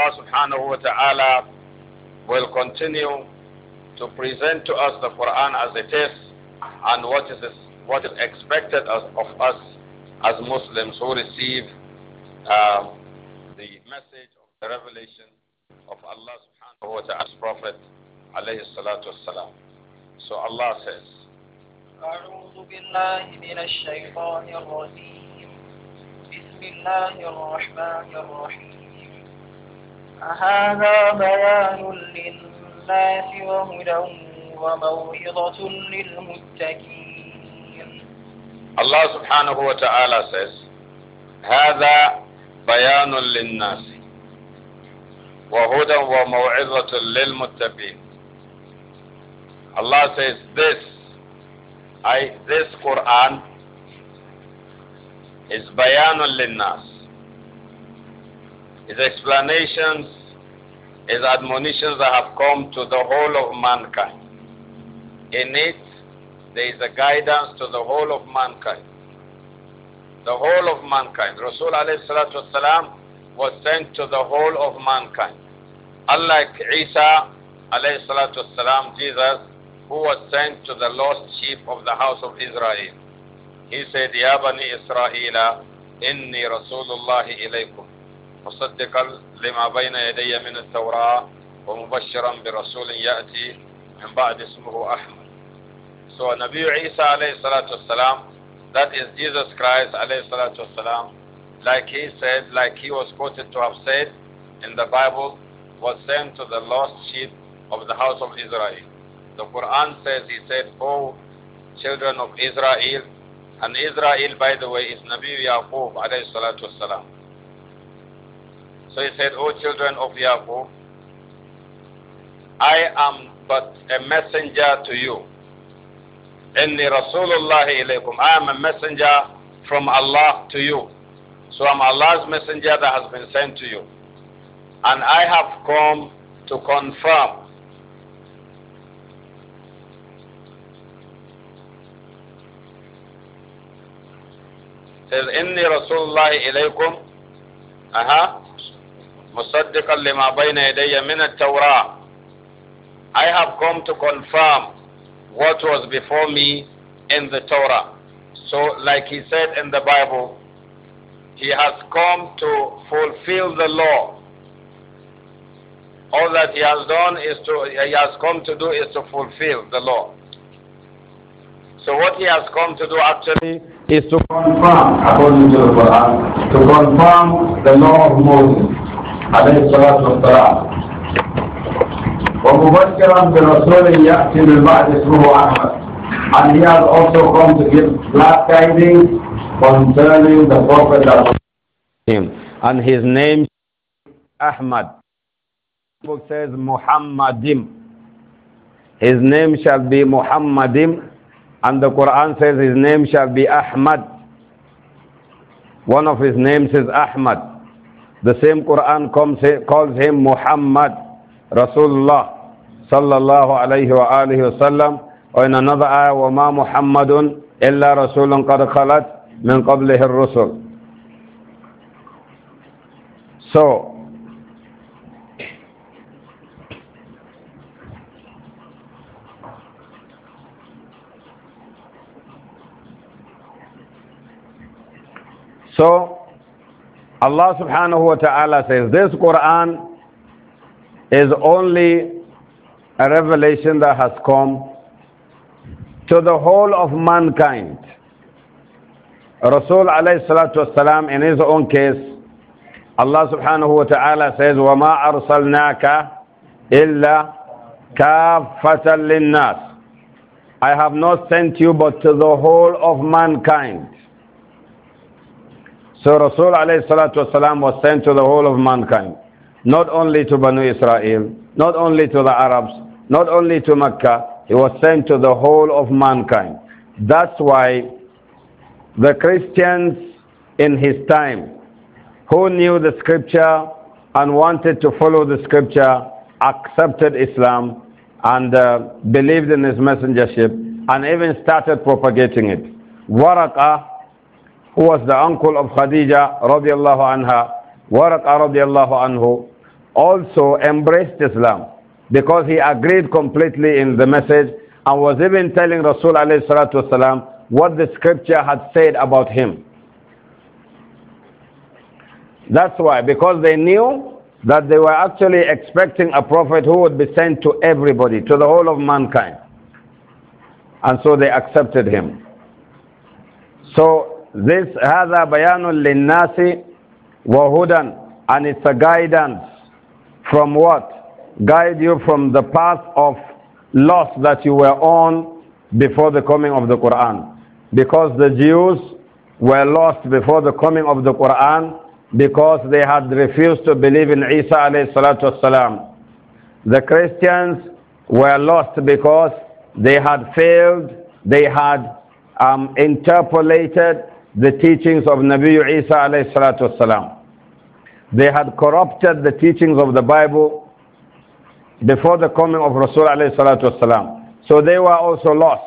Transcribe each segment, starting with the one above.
Allah subhanahu wa ta'ala will continue to present to us the Quran as it is and what is, what is expected of us as Muslims who receive um, the message of the revelation of Allah subhanahu wa ta'ala's Prophet alayhi salatu wasalam. So Allah says, أعوذ بالله من الشيطان الرجيم بسم الله الرحمن الرحيم هذا بيان للناس وهدى وموعظة للمتقين الله سبحانه وتعالى says هذا بيان للناس وهدى وموعظة للمتقين Allah says this I this Quran is bayanul linnas his explanations, his admonitions that have come to the whole of mankind. In it, there is a guidance to the whole of mankind. The whole of mankind. Rasul والسلام, was sent to the whole of mankind. Unlike Isa, والسلام, Jesus, who was sent to the lost sheep of the house of Israel. He said, Ya Bani Israel, إني رسول الله مصدقا لما بين يدي من التوراة ومبشرا برسول يأتي من بعد اسمه أحمد So نبي Isa عليه الصلاة والسلام that is Jesus Christ عليه الصلاة والسلام like he said, like he was quoted to have said in the Bible, was sent to the lost sheep of the house of Israel. The Quran says, he said, oh children of Israel, and Israel, by the way, is Nabi Yaqub عليه الصلاة والسلام So he said, O children of Yahweh, I am but a messenger to you. Inni Rasulullah ilaykum. I am a messenger from Allah to you. So I'm Allah's messenger that has been sent to you. And I have come to confirm says, Inni Rasulullah ilaykum. Uh-huh. مصدقا لما بين يدي من التوراة I have come to confirm what was before me in the Torah. So like he said in the Bible, he has come to fulfill the law. All that he has done is to, he has come to do is to fulfill the law. So what he has come to do actually is to confirm, according to the Quran, to confirm the law of Moses. عليه الصلاة والسلام ومبشرا برسول يأتي من بعد اسمه أحمد and he has also come to give glad tidings concerning the Prophet him and his name Ahmad the book says Muhammadim his name shall be Muhammadim and the Quran says his name shall be Ahmad one of his names is Ahmad the same Quran calls him Muhammad, Rasulullah, sallallahu alayhi wa alihi wasallam. Or in another ayah, وَمَا مُحَمَّدٌ إِلَّا رَسُولٌ قَدْ خَلَتْ مِنْ قَبْلِهِ الرُّسُلُ So, so Allah subhanahu wa ta'ala says, This Quran is only a revelation that has come to the whole of mankind. Rasul alayhi salatu wasalam, in his own case, Allah subhanahu wa ta'ala says, وَمَا أَرْسَلْنَاكَ إِلَّا كَافَّةً لِلنَّاسِ I have not sent you but to the whole of mankind. So Rasul alayhi salatu wasalam was sent to the whole of mankind, not only to Banu Israel, not only to the Arabs, not only to Mecca, he was sent to the whole of mankind. That's why the Christians in his time who knew the scripture and wanted to follow the scripture accepted Islam and uh, believed in his messengership and even started propagating it. Waraqah who was the uncle of Khadija radiallahu anha, Waraq radiallahu anhu, also embraced Islam because he agreed completely in the message and was even telling Rasul alayhi salatu wasalam what the scripture had said about him. That's why, because they knew that they were actually expecting a prophet who would be sent to everybody, to the whole of mankind. And so they accepted him. So this هذا بيان للناس وهدى and it's a guidance from what? Guide you from the path of loss that you were on before the coming of the Quran. Because the Jews were lost before the coming of the Quran because they had refused to believe in Isa alayhi salatu wasalam. The Christians were lost because they had failed, they had um, interpolated the teachings of Nabi Isa alayhi salatu wasalam. They had corrupted the teachings of the Bible before the coming of Rasul alayhi salatu wasalam. So they were also lost.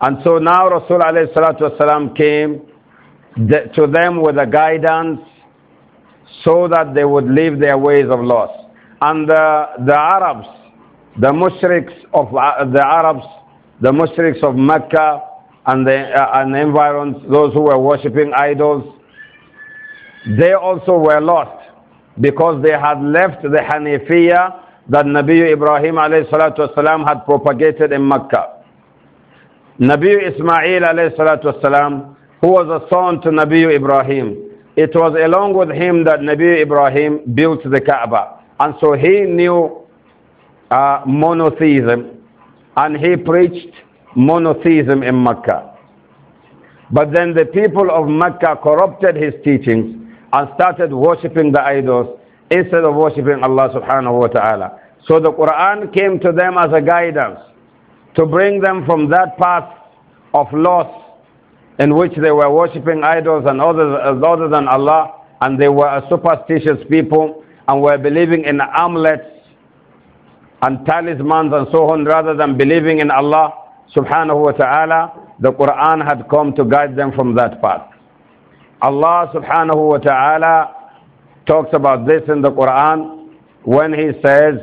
And so now Rasul alayhi salatu wasalam came to them with a guidance so that they would leave their ways of loss. And the, the Arabs, the mushriks of uh, the Arabs, the mushriks of Mecca, and, the, uh, and environs, those who were worshipping idols, they also were lost because they had left the Hanifiyah that Nabi Ibrahim والسلام, had propagated in Mecca. Nabi Ismail والسلام, who was a son to Nabi Ibrahim, it was along with him that Nabi Ibrahim built the Kaaba. And so he knew uh, monotheism and he preached monotheism in Mecca. But then the people of Mecca corrupted his teachings and started worshipping the idols instead of worshipping Allah subhanahu wa ta'ala. So the Quran came to them as a guidance to bring them from that path of loss in which they were worshipping idols and others other than Allah and they were a superstitious people and were believing in amulets and talismans and so on rather than believing in Allah subhanahu wa ta'ala, the Quran had come to guide them from that path. Allah subhanahu wa ta'ala talks about this in the Quran when he says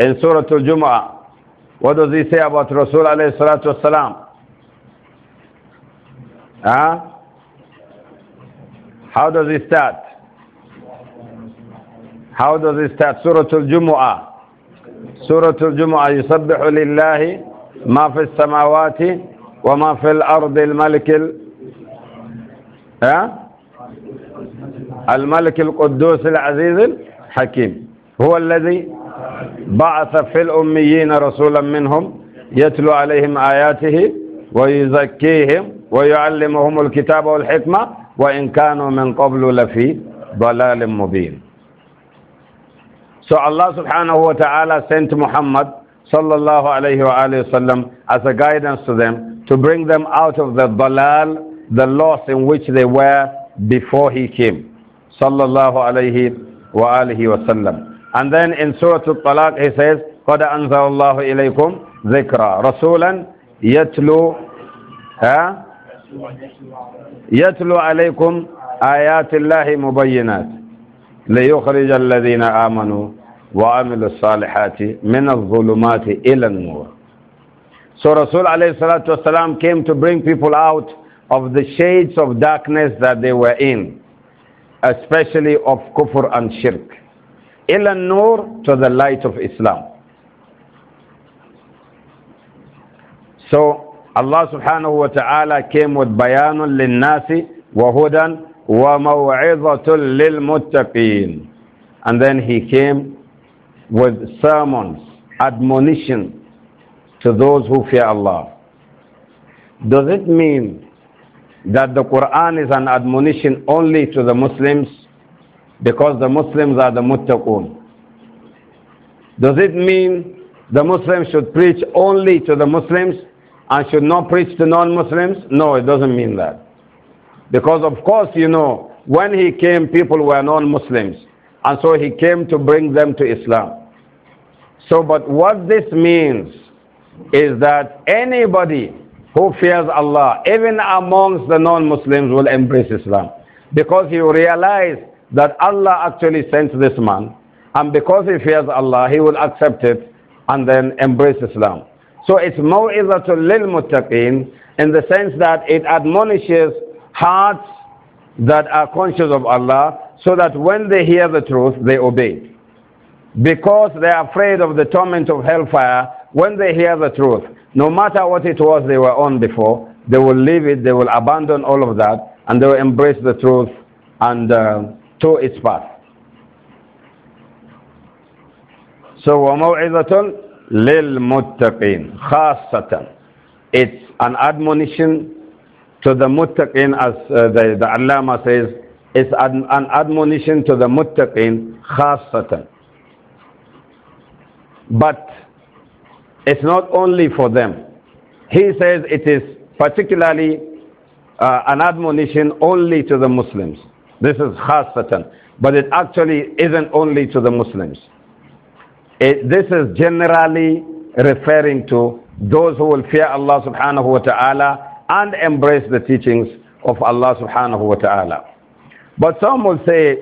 in Surah Al-Jumu'ah, what does he say about Rasul alayhi salatu wasalam? Huh? How does he start? How does he start? Surah Al-Jumu'ah. Surah Al-Jumu'ah, يصبح لِلَّهِ ما في السماوات وما في الأرض الملك ال... أه؟ الملك القدوس العزيز الحكيم هو الذي بعث في الأميين رسولا منهم يتلو عليهم آياته ويزكيهم ويعلمهم الكتاب والحكمة وإن كانوا من قبل لفي ضلال مبين سو الله سبحانه وتعالى سنت محمد sallallahu alayhi wa sallam as a guidance to them to bring them out of the dalal, the loss in which they were before he came. Sallallahu alayhi wa alayhi alihi And then in Surah Al-Talaq he says, قَدْ أَنْزَلَ اللَّهُ إِلَيْكُمْ ذِكْرًا رَسُولًا يَتْلُو ha يَتْلُو عَلَيْكُمْ آيَاتِ اللَّهِ مُبَيِّنَاتٍ لِيُخْرِجَ الَّذِينَ آمَنُوا وَعَمِلُوا الصَّالِحَاتِ مِنَ الظُّلُمَاتِ إِلَى النُّورِ So Rasul alayhi salatu wasalam came to bring people out of the shades of darkness that they were in, especially of kufr and shirk. إِلَى النُّورِ to the light of Islam. So Allah subhanahu wa ta'ala came with bayanun للناسِ wa وَمُوعِظَةً wa muttaqin. And then he came with sermons, admonition to those who fear Allah. Does it mean that the Quran is an admonition only to the Muslims because the Muslims are the muttaqun? Does it mean the Muslims should preach only to the Muslims and should not preach to non-Muslims? No, it doesn't mean that. Because of course, you know, when he came, people were non-Muslims. And so he came to bring them to Islam. So, but what this means is that anybody who fears Allah, even amongst the non-Muslims, will embrace Islam. Because he will realize that Allah actually sent this man. And because he fears Allah, he will accept it and then embrace Islam. So it's maw'izatul lil muttaqeen in the sense that it admonishes hearts that are conscious of Allah so that when they hear the truth, they obey because they are afraid of the torment of hellfire when they hear the truth. No matter what it was they were on before, they will leave it, they will abandon all of that, and they will embrace the truth and uh, to its path. So, وَمَوْعِظَةٌ لِلْمُتَّقِينَ خَاصَّةً It's an admonition to the muttaqin, as uh, the, the Allama says, it's an, an admonition to the muttaqin, خَاصَّةً but it's not only for them. He says it is particularly uh, an admonition only to the Muslims. This is khasatan. But it actually isn't only to the Muslims. It, this is generally referring to those who will fear Allah subhanahu wa ta'ala and embrace the teachings of Allah subhanahu wa ta'ala. But some will say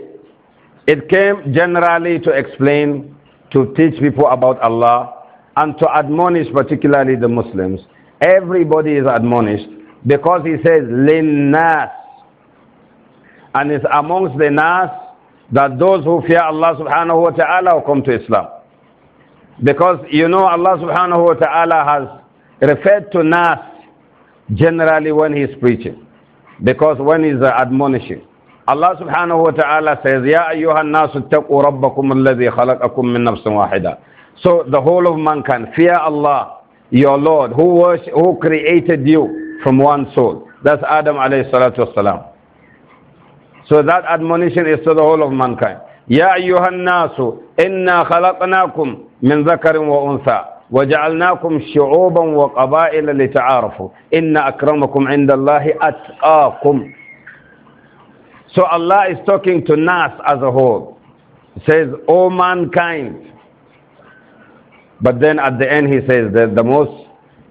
it came generally to explain to teach people about Allah and to admonish particularly the Muslims. Everybody is admonished because he says, Linnas. And it's amongst the Nas that those who fear Allah subhanahu wa ta'ala will come to Islam. Because you know Allah subhanahu wa ta'ala has referred to Nas generally when he's preaching. Because when he's admonishing. الله سبحانه وتعالى says, يَا أَيُّهَا النَّاسُ اتَّقُوا رَبَّكُمْ الَّذِي خَلَقَكُم مِّن نَّفْسٍ وَاحِدَةٍ So the whole of mankind, fear Allah, your Lord, who, was, who created you from one soul. That's Adam عليه الصلاة والسلام So that admonition is to the whole of mankind. يَا أَيُّهَا النَّاسُ إِنَّا خَلَقْنَاكُم مِّن ذَكَرٍ وَأُنثَىٰ وجعلناكم شعوبا وقبائل لتعارفوا إن أكرمكم عند الله أتقاكم So Allah is talking to Nas as a whole. He says, O mankind. But then at the end he says that the most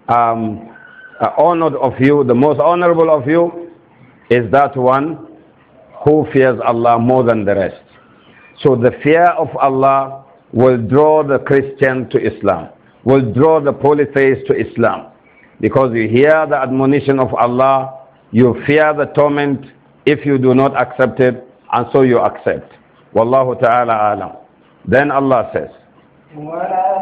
um, uh, honored of you, the most honorable of you is that one who fears Allah more than the rest. So the fear of Allah will draw the Christian to Islam, will draw the polytheist to Islam. Because you hear the admonition of Allah, you fear the torment, if you do not accept it, and so you accept. Wallahu ta'ala alam. Then Allah says, ولا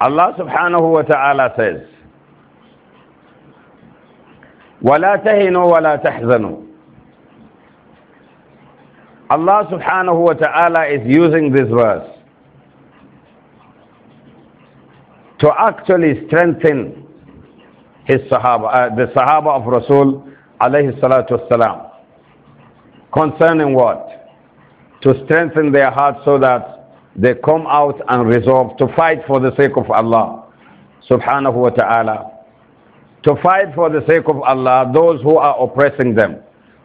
Allah subhanahu wa ta'ala says, وَلَا تَهِنُوا وَلَا تَحْزَنُوا Allah subhanahu wa ta'ala is using this verse to actually strengthen his Sahaba, uh, the Sahaba of Rasul alayhi salatu wasalam. Concerning what? To strengthen their hearts so that they come out and resolve to fight for the sake of Allah subhanahu wa ta'ala. To fight for the sake of Allah, those who are oppressing them,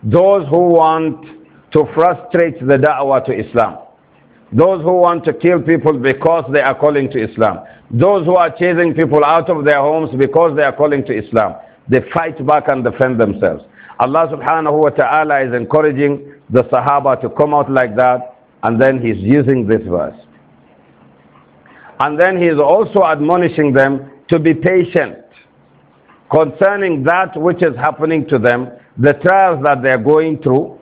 those who want to frustrate the da'wah to Islam. Those who want to kill people because they are calling to Islam. Those who are chasing people out of their homes because they are calling to Islam. They fight back and defend themselves. Allah subhanahu wa ta'ala is encouraging the Sahaba to come out like that and then he's using this verse. And then he is also admonishing them to be patient concerning that which is happening to them, the trials that they are going through,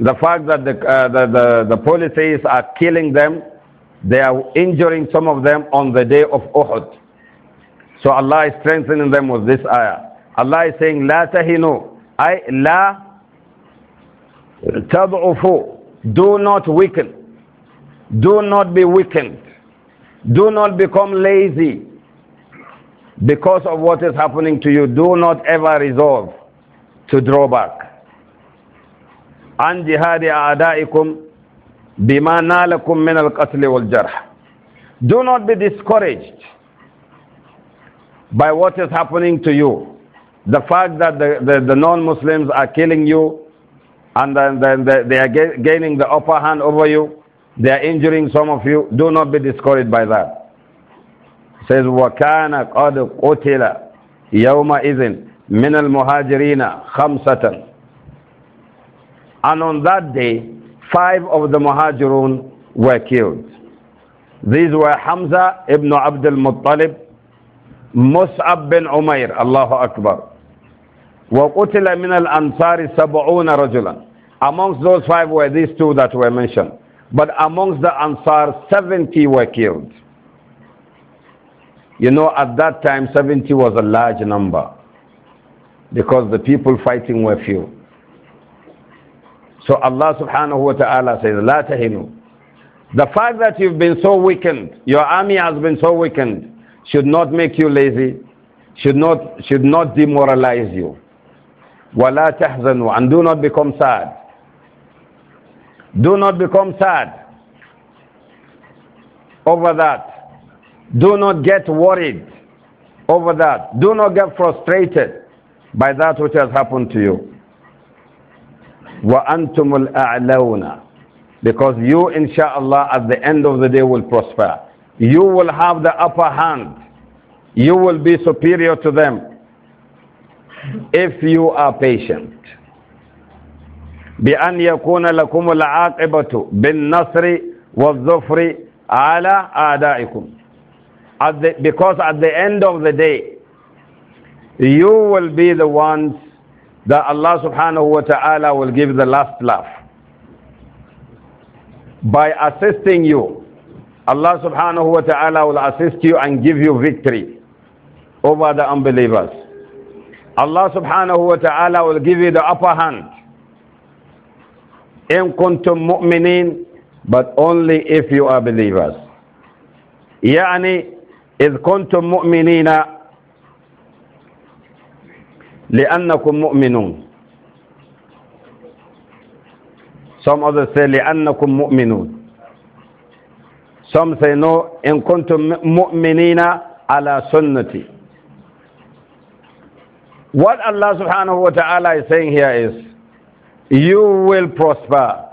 the fact that the, uh, the, the, the policies are killing them, they are injuring some of them on the day of Uhud. So Allah is strengthening them with this ayah. Allah is saying, لا تهنوا أي لا تضعفوا Do not weaken. Do not be weakened. Do not become lazy because of what is happening to you. Do not ever resolve to draw back. عن جهاد أعدائكم بما نالكم من القتل والجرح Do not be discouraged by what is happening to you. The fact that the, the, the non-Muslims are killing you and then, they, they are gaining the upper hand over you, they are injuring some of you, do not be discouraged by that. It says, وَكَانَ قَدْ قُتِلَ يَوْمَئِذٍ مِنَ الْمُهَاجِرِينَ خَمْسَةً and on that day, five of the Muhajirun were killed. These were Hamza ibn Abdul Muttalib, Mus'ab bin Umair, Allahu Akbar. وَقُتِلَ مِنَ الْأَنصَارِ سَبْعُونَ رَجُلًا Amongst those five were these two that were mentioned. But amongst the Ansar, 70 were killed. You know, at that time, 70 was a large number because the people fighting were few. So Allah subhanahu wa ta'ala says, La tahinu. The fact that you've been so weakened, your army has been so weakened, should not make you lazy, should not, should not demoralize you. Wala tahzanu. And do not become sad. Do not become sad over that. Do not get worried over that. Do not get frustrated by that which has happened to you. وَأَنْتُمُ الْأَعْلَوْنَ Because you, inshallah, at the end of the day will prosper. You will have the upper hand. You will be superior to them if you are patient. بأن يكون لكم العاقبة بالنصر والظفر على أعدائكم at the, because at the end of the day you will be the ones that Allah subhanahu wa ta'ala will give the last laugh. By assisting you, Allah subhanahu wa ta'ala will assist you and give you victory over the unbelievers. Allah subhanahu wa ta'ala will give you the upper hand. In kuntum mu'minin, but only if you are believers. يعني إذ كنتم مؤمنين لأنكم مؤمنون Some others say لأنكم مؤمنون Some say no إن كنتم مؤمنين على سنتي What Allah subhanahu wa ta'ala is saying here is you will prosper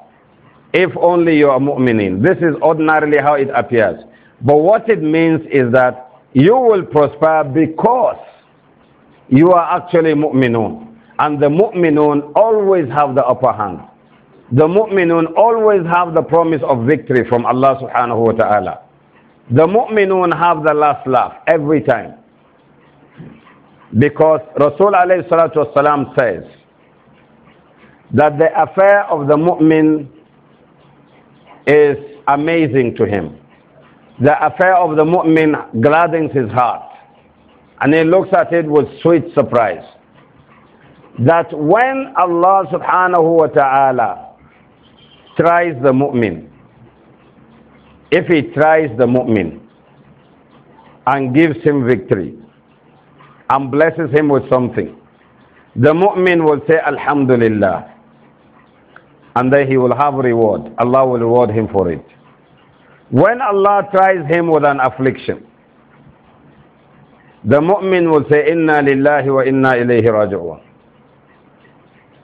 if only you are mu'minin. This is ordinarily how it appears. But what it means is that you will prosper because you are actually mu'minun. And the mu'minun always have the upper hand. The mu'minun always have the promise of victory from Allah subhanahu wa ta'ala. The mu'minun have the last laugh every time. Because Rasul alayhi salatu wasalam says that the affair of the mu'min is amazing to him. The affair of the mu'min gladdens his heart. And he looks at it with sweet surprise. That when Allah subhanahu wa ta'ala tries the mu'min, if he tries the mu'min and gives him victory and blesses him with something, the mu'min will say, Alhamdulillah. And then he will have reward. Allah will reward him for it. When Allah tries him with an affliction, the mu'min will say, Inna lillahi wa inna ilayhi raji'un.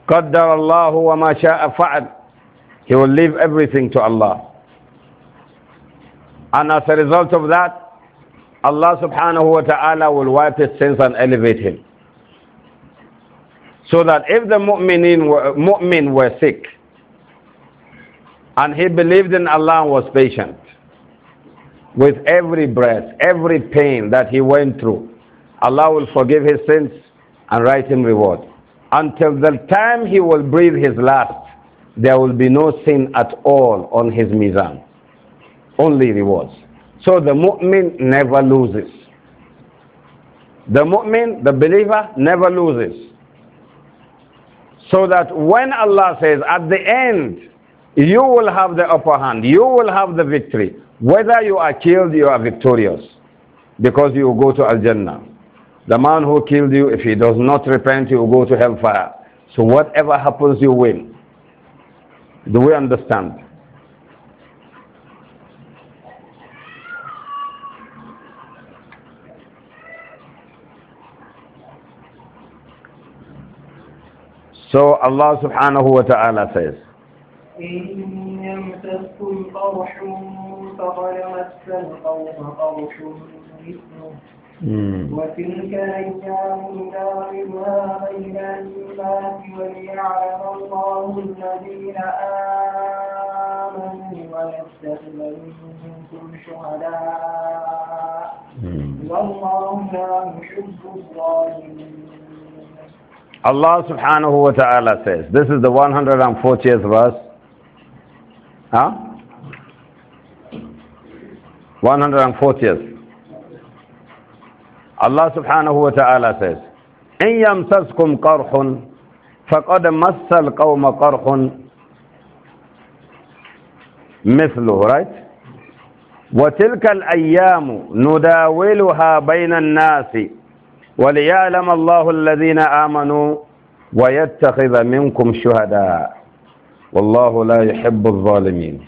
Qaddar Allahu wa ma sha'a He will leave everything to Allah. And as a result of that, Allah subhanahu wa ta'ala will wipe his sins and elevate him. So that if the mu'minin were, mu'min were sick, and he believed in Allah and was patient, with every breath, every pain that he went through, Allah will forgive his sins and write him reward. Until the time he will breathe his last, there will be no sin at all on his mizan. Only rewards. So the mu'min never loses. The mu'min, the believer, never loses. So that when Allah says, at the end, you will have the upper hand, you will have the victory. Whether you are killed, you are victorious because you go to Al Jannah. The man who killed you, if he does not repent, he will go to hellfire. So whatever happens, you win. Do we understand? So Allah subhanahu wa ta'ala says, إن قرح القوم قرح مثله Hmm. Hmm. Allah subhanahu wa ta'ala says, this is the 140th verse. Huh? 140th. الله سبحانه وتعالى says, إِن يَمْسَسْكُمْ قَرْحٌ فَقَدْ مَسَّ الْقَوْمَ قَرْحٌ مِثْلُهُ Right? وَتِلْكَ الْأَيَّامُ نُدَاوِلُهَا بَيْنَ النَّاسِ وَلِيَعْلَمَ اللَّهُ الَّذِينَ آمَنُوا وَيَتَّخِذَ مِنْكُمْ شُهَدَاءَ وَاللَّهُ لَا يُحِبُّ الظَّالِمِينَ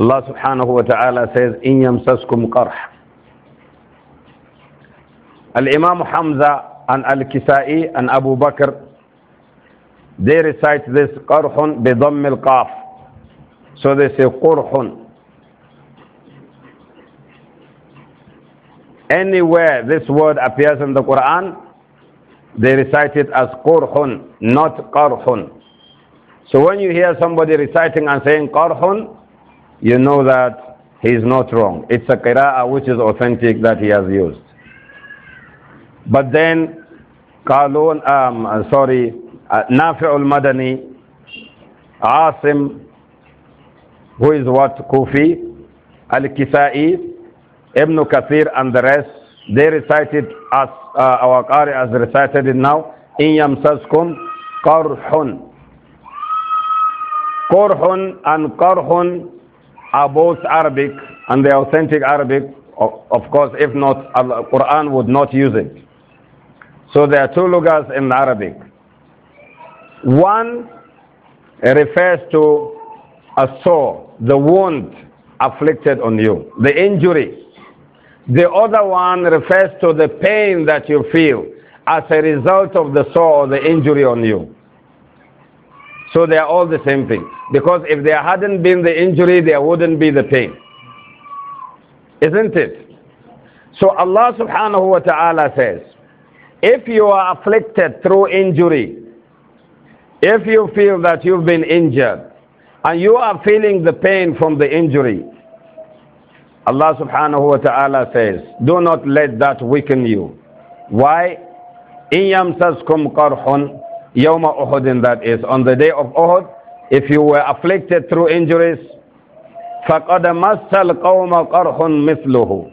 الله سبحانه وتعالى says, إِن يَمْسَسْكُمْ قَرْحٌ Al-Imam Hamza and Al-Kisa'i and Abu Bakr, they recite this قرح بضم القاف. So they say قرح. Anywhere this word appears in the Quran, they recite it as قرح, not قرح. So when you hear somebody reciting and saying قرح, you know that he is not wrong. It's a qira'ah which is authentic that he has used. But then, Kalun, um, uh, sorry, uh, Nafir al-Madani, Asim, who is what, Kufi, Al-Kisai, Ibn Kathir and the rest, they recited as uh, our Qari has recited it now, In Yamsaskum Qarhun. Qarhun and Qarhun are both Arabic and the authentic Arabic, of, of course, if not, Quran would not use it. So there are two lugas in Arabic. One refers to a sore, the wound afflicted on you, the injury. The other one refers to the pain that you feel as a result of the sore or the injury on you. So they are all the same thing. Because if there hadn't been the injury, there wouldn't be the pain. Isn't it? So Allah subhanahu wa ta'ala says, if you are afflicted through injury, if you feel that you've been injured and you are feeling the pain from the injury, Allah subhanahu wa ta'ala says, Do not let that weaken you. Why? In yamsaskum qarhun yawma uhudin that is, on the day of Uhud, if you were afflicted through injuries, فَقَدَ مَسَّ الْقَوْمَ قَرْحٌ مِثْلُهُ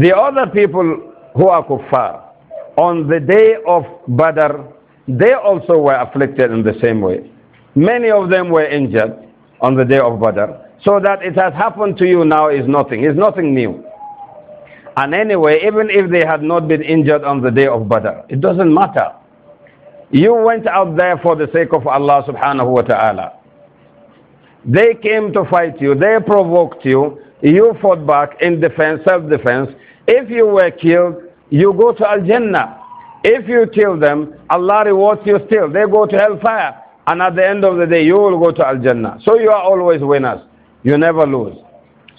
The other people who are kuffar, on the day of Badr, they also were afflicted in the same way. Many of them were injured on the day of Badr. So that it has happened to you now is nothing. It's nothing new. And anyway, even if they had not been injured on the day of Badr, it doesn't matter. You went out there for the sake of Allah subhanahu wa ta'ala. They came to fight you, they provoked you, you fought back in defense, self defense. If you were killed, you go to Al Jannah. If you kill them, Allah rewards you still. They go to hellfire. And at the end of the day, you will go to Al Jannah. So you are always winners. You never lose.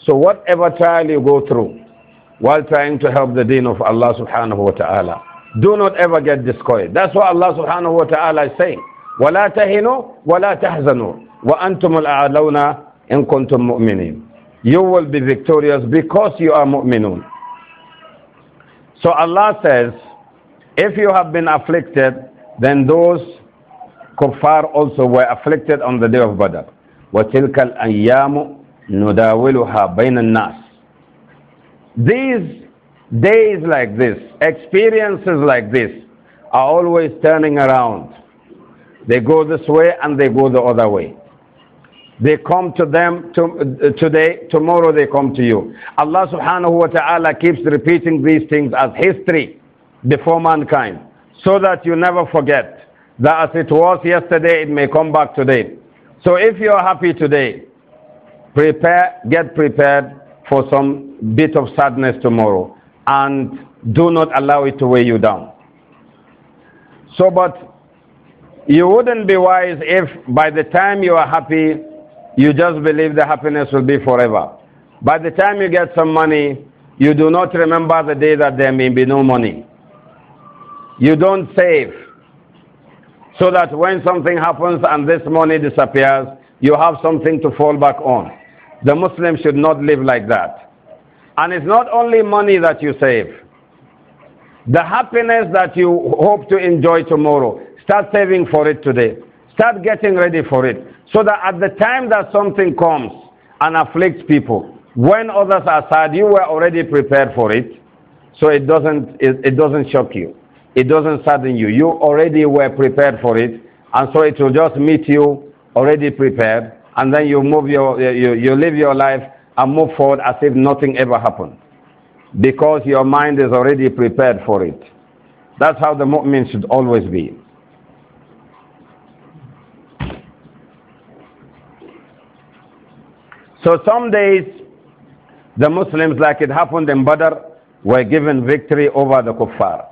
So whatever trial you go through while trying to help the deen of Allah subhanahu wa ta'ala, do not ever get discouraged. That's what Allah subhanahu wa ta'ala is saying. وَلَا تَهِنُوا وَلَا تَحْزَنُوا وَأَنْتُمُ الْأَعْلَوْنَا إِن كُنْتُم مُؤْمِنِينَ You will be victorious because you are mu'minun. So Allah says, if you have been afflicted, then those kuffar also were afflicted on the day of Badr. وَتِلْكَ الْأَيَّامُ نُدَاوِلُهَا بَيْنَ النَّاسِ These days like this, experiences like this, are always turning around. They go this way and they go the other way. They come to them to, uh, today, tomorrow they come to you. Allah subhanahu wa ta'ala keeps repeating these things as history before mankind so that you never forget that as it was yesterday, it may come back today. So if you are happy today, prepare, get prepared for some bit of sadness tomorrow and do not allow it to weigh you down. So, but you wouldn't be wise if by the time you are happy, you just believe the happiness will be forever. By the time you get some money, you do not remember the day that there may be no money. You don't save so that when something happens and this money disappears, you have something to fall back on. The Muslim should not live like that. And it's not only money that you save. The happiness that you hope to enjoy tomorrow, start saving for it today. Start getting ready for it. So that at the time that something comes and afflicts people, when others are sad, you were already prepared for it. So it doesn't, it, it doesn't shock you. It doesn't sadden you. You already were prepared for it. And so it will just meet you already prepared. And then you move your, you, you live your life and move forward as if nothing ever happened. Because your mind is already prepared for it. That's how the mu'min should always be. So some days, the Muslims, like it happened in Badr, were given victory over the kuffar.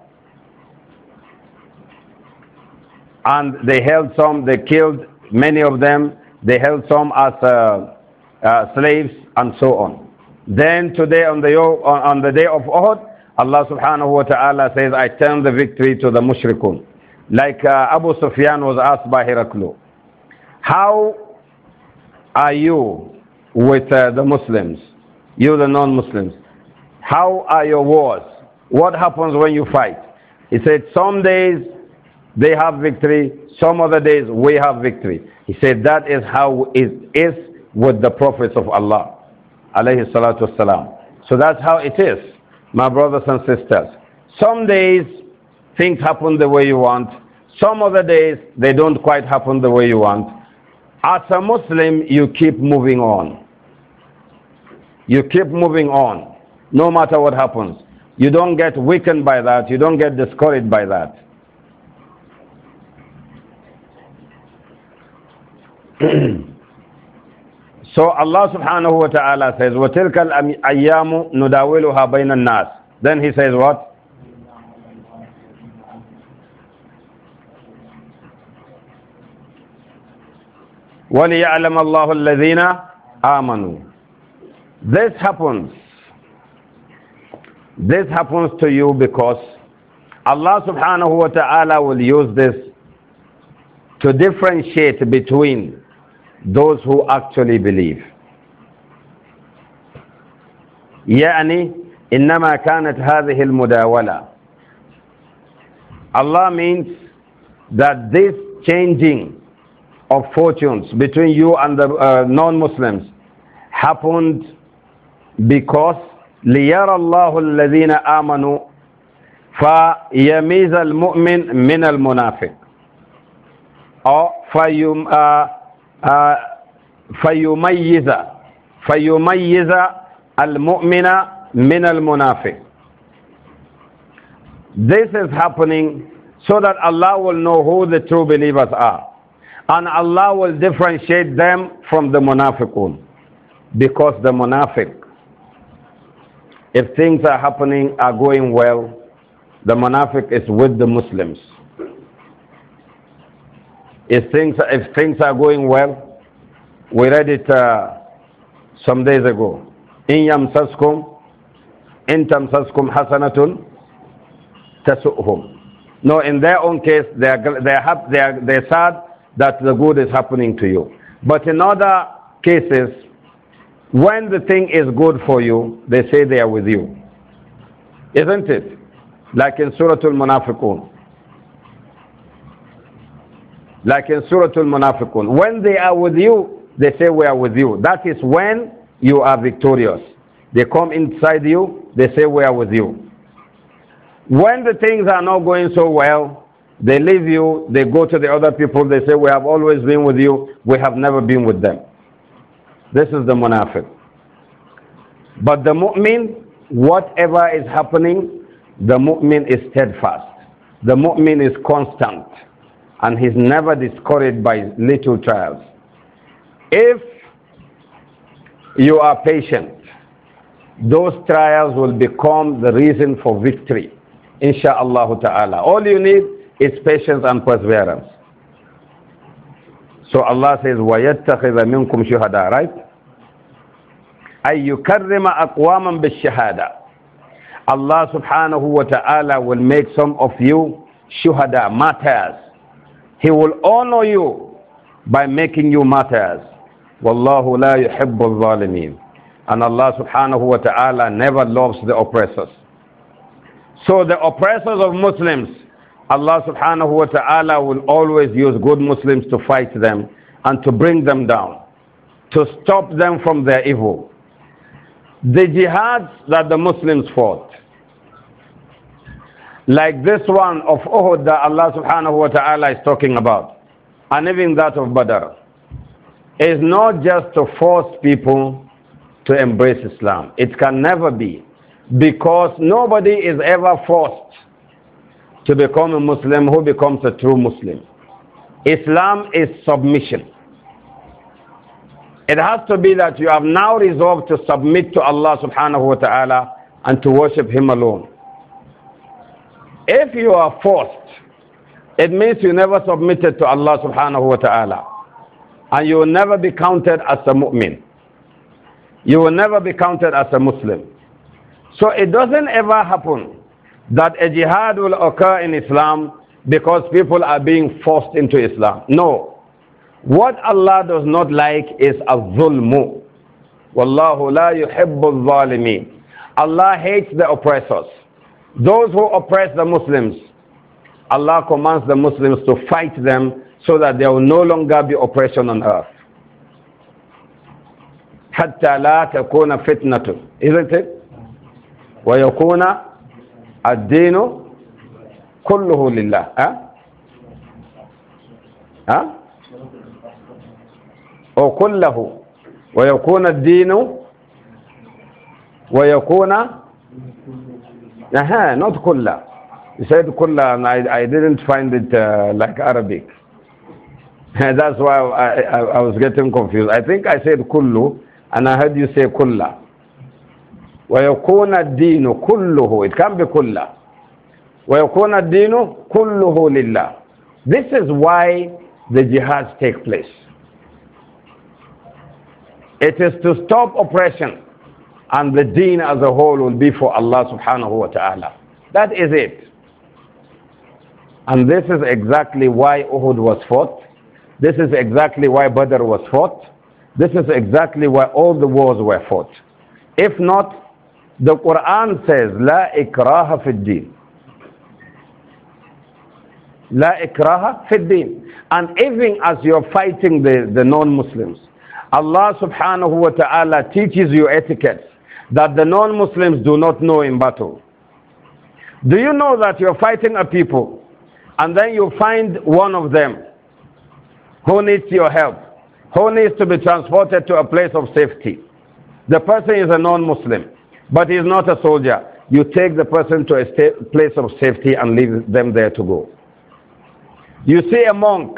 And they held some, they killed many of them, they held some as uh, uh, slaves, and so on. Then today, on the, on the day of Uhud, Allah subhanahu wa ta'ala says, I turn the victory to the mushrikun. Like uh, Abu Sufyan was asked by Heraklu, How are you with uh, the Muslims, you the non-Muslims. How are your wars? What happens when you fight? He said, some days they have victory, some other days we have victory. He said, that is how it is with the prophets of Allah. Alayhi salatu So that's how it is, my brothers and sisters. Some days things happen the way you want. Some other days they don't quite happen the way you want. As a Muslim, you keep moving on. You keep moving on, no matter what happens. You don't get weakened by that. You don't get discouraged by that. so Allah subhanahu wa ta'ala says, وَتِلْكَ الْأَيَّامُ نُدَاوِلُهَا بَيْنَ النَّاسِ Then he says what? وَلِيَعْلَمَ اللَّهُ الَّذِينَ آمَنُوا this happens. This happens to you because Allah subhanahu wa ta'ala will use this to differentiate between those who actually believe. يعني إنما كانت هذه المداولة Allah means that this changing of fortunes between you and the uh, non-Muslims happened because ليرى الله الذين آمنوا فيميز المؤمن من المنافق أو فيم uh, uh, فيميز فيميز المؤمن من المنافق This is happening so that Allah will know who the true believers are. And Allah will differentiate them from the munafiqun. Because the munafiq if things are happening, are going well, the munafiq is with the Muslims. If things, if things are going well, we read it uh, some days ago. In yamsaskum, in tamsaskum hasanatun tasu'hum. No, in their own case, they are, they, have they, are, they are sad that the good is happening to you. But in other cases, when the thing is good for you, they say they are with you. Isn't it? Like in Surah Al-Munafiqun. Like in Surah Al-Munafiqun. When they are with you, they say we are with you. That is when you are victorious. They come inside you, they say we are with you. When the things are not going so well, they leave you, they go to the other people, they say we have always been with you, we have never been with them. This is the munafiq. But the mu'min, whatever is happening, the mu'min is steadfast. The mu'min is constant. And he's never discouraged by little trials. If you are patient, those trials will become the reason for victory. Insha'Allah ta'ala. All you need is patience and perseverance. So Allah says, وَيَتَّخِذَ مِنْكُمْ شُهَدَاءَ Right? أَيْ يُكَرِّمَ أَقْوَامًا بِالشَّهَادَةِ Allah subhanahu wa ta'ala will make some of you shuhada, martyrs. He will honor you by making you martyrs. Wallahu لا يحب الظالمين, And Allah subhanahu wa ta'ala never loves the oppressors. So the oppressors of Muslims, Allah subhanahu wa ta'ala will always use good Muslims to fight them and to bring them down, to stop them from their evil. The jihads that the Muslims fought, like this one of Uhud that Allah subhanahu wa ta'ala is talking about, and even that of Badr, is not just to force people to embrace Islam. It can never be, because nobody is ever forced to become a Muslim who becomes a true Muslim. Islam is submission. It has to be that you have now resolved to submit to Allah subhanahu wa ta'ala and to worship Him alone. If you are forced, it means you never submitted to Allah subhanahu wa ta'ala. And you will never be counted as a mu'min. You will never be counted as a Muslim. So it doesn't ever happen that a jihad will occur in Islam because people are being forced into Islam. No. What Allah does not like is a zulmu. Wallahu la yuhibbu zalimi. Allah hates the oppressors. Those who oppress the Muslims, Allah commands the Muslims to fight them so that there will no longer be oppression on earth. Hatta la تكون فتنة isn't it ويكون الدين كله لله ها ها أو كله ويكون الدين ويكون أها not كله You said kulla and I, I didn't find it uh, like Arabic. That's why I, I, I was getting confused. I think I said kullu and I heard you say kulla. ويكون الدين كله it can be كله ويكون الدين كله لله this is why the jihad take place it is to stop oppression and the deen as a whole will be for Allah subhanahu wa ta'ala that is it and this is exactly why Uhud was fought this is exactly why Badr was fought this is exactly why all the wars were fought if not the Quran says, La ikraha fid La ikraha fid And even as you're fighting the, the non-Muslims, Allah subhanahu wa ta'ala teaches you etiquettes that the non-Muslims do not know in battle. Do you know that you're fighting a people and then you find one of them who needs your help, who needs to be transported to a place of safety? The person is a non Muslim. But he's not a soldier. You take the person to a place of safety and leave them there to go. You see a monk,